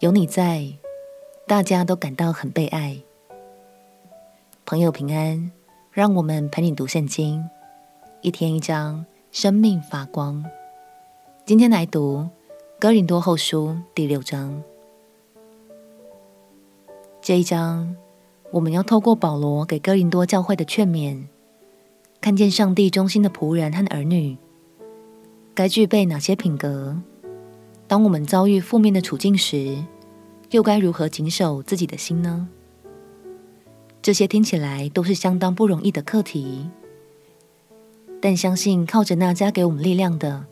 有你在，大家都感到很被愛。朋友平安，讓我們陪你讀聖經，一天一章，生命發光。今天來讀哥林多後書第六章。這一章，我們要透過保羅給哥林多教會的勸勉，看見上帝忠心的僕人和兒女，該具備哪些品格？當我們遭遇負面的處境時，又該如何謹守自己的心呢？這些聽起來都是相當不容易的課題，但相信靠着那加給我們力量的，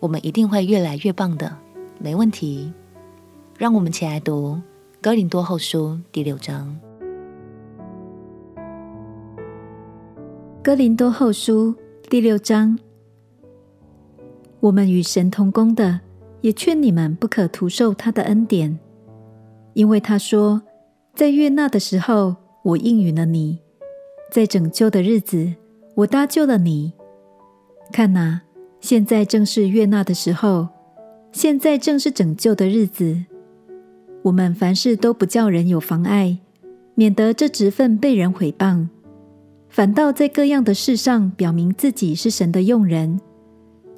我們一定會越來越棒的，沒問題。讓我們一起來讀《哥林多後書》第六章，《哥林多後書》第六章，我們與神同工的，也勸你們不可徒受他的恩典，因為他說：“在悅納的時候，我應允了你；在拯救的日子，我搭救了你。看哪、啊，現在正是悅納的時候，現在正是拯救的日子。我們凡事都不叫人有妨礙，免得這職分被人毀謗，反倒在各樣的事上表明自己是神的用人。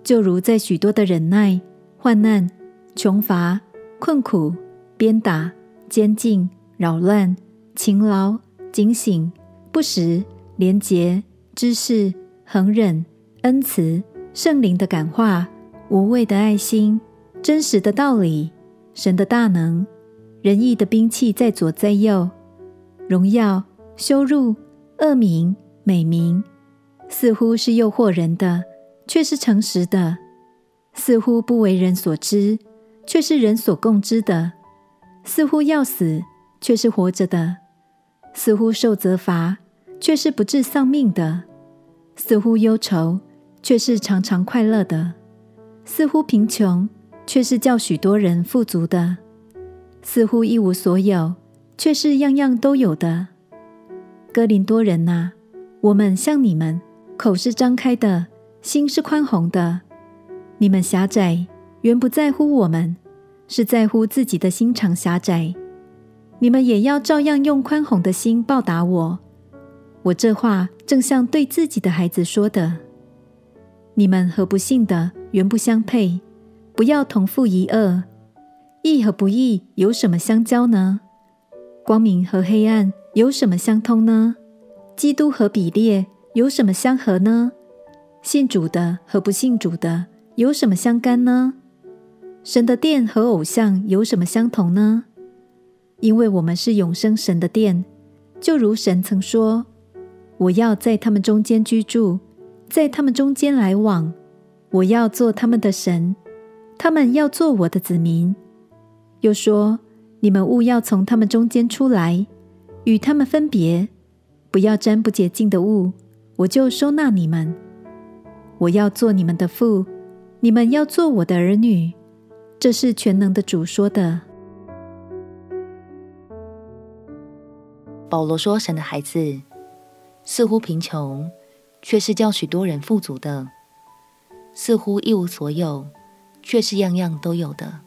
就如在許多的忍耐。”患難、窮乏、困苦、鞭打、監禁、擾亂、勤勞、警醒、不食、廉潔、知識、恆忍、恩慈、聖靈的感化、無偽的愛心、真實的道理、神的大能、仁義的兵器在左在右，榮耀、羞辱、惡名、美名，似乎是誘惑人的，卻是誠實的。似乎不為人所知，卻是人所共知的；似乎要死，卻是活着的；似乎受責罰，卻是不致喪命的；似乎憂愁，卻是常常快樂的；似乎貧窮，卻是叫許多人富足的；似乎一無所有，卻是樣樣都有的。哥林多人哪、啊，我們向你們，口是張開的，心是寬宏的。你們狹窄，原不在乎我們，是在乎自己的心腸狹窄。你們也要照樣用寬宏的心報答我。我這話正像對自己的孩子說的。你們和不信的原不相配，不要同負一軛。義和不義有什麼相交呢？光明和黑暗有什麼相通呢？基督和彼列有什麼相合呢？信主的和不信主的。有什麼相干呢？神的殿和偶像有什麼相同呢？因為我們是永生神的殿，就如神曾說：“我要在他們中間居住，在他們中間來往，我要做他們的神，他們要做我的子民。”又說：“你們務要從他們中間出來，與他們分別，不要沾不潔淨的物，我就收納你們。我要做你們的父。”你們要做我的兒女，這是全能的主說的。保羅說：“神的孩子似乎貧窮，卻是叫許多人富足的；似乎一無所有，卻是樣樣都有的。”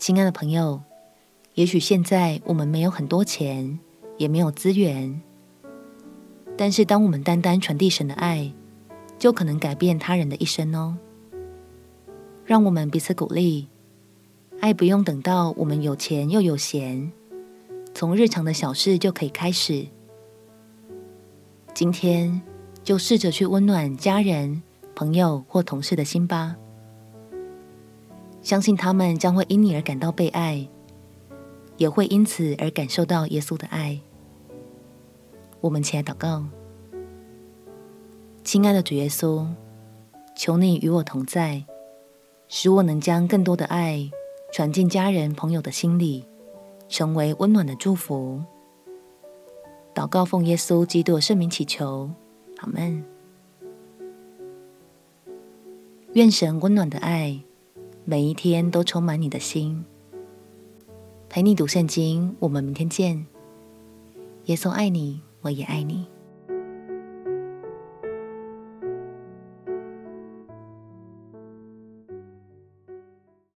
親愛的朋友，也許現在我們沒有很多錢，也沒有資源，但是當我們單單傳遞神的愛，就可能改變他人的一生哦。讓我們彼此鼓勵，愛不用等到我們有錢又有閒，從日常的小事就可以開始。今天就試着去溫暖家人、朋友或同事的心吧。相信他們將會因你而感到被愛，也會因此而感受到耶穌的愛。我們起來禱告。親愛的主耶穌，求你與我同在，使我能將更多的愛傳進家人朋友的心裡，成為溫暖的祝福。禱告奉耶穌基督的聖名祈求，阿們。願神溫暖的愛每一天都充滿你的心。陪你讀聖經，我們明天見。耶穌愛你，我也愛你。